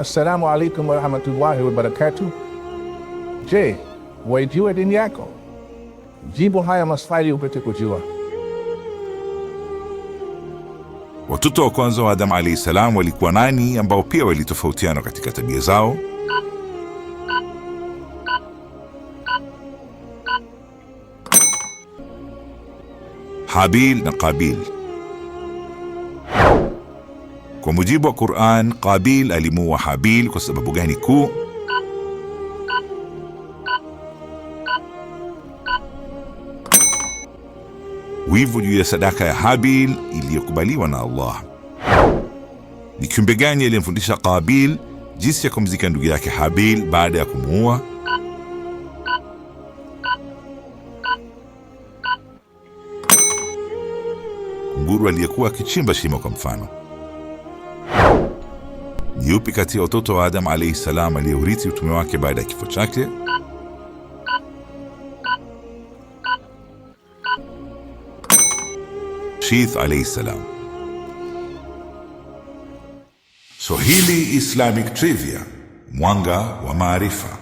Assalamu alaikum wa rahmatullahi wa barakatuh. Je, waijua dini yako? Jibu haya maswali upate kujua. Watoto wa kwanza wa Adam alayhi salam walikuwa nani, ambao pia walitofautiana katika tabia zao? Habil na Kabil kwa mujibu wa Quran, Qabil alimuua Habil kwa sababu gani kuu? Wivu juu ya sadaka ya Habil iliyokubaliwa na Allah. Ni kiumbe gani aliyemfundisha Qabil jinsi ya kumzika ndugu yake Habil baada ya kumuua? nguru aliyekuwa akichimba shimo, kwa mfano ni yupi kati ya watoto wa Adam alaihi salam aliyeurithi utume wake baada ya kifo chake? Shith alayhi salam. Swahili Islamic Trivia, mwanga wa maarifa.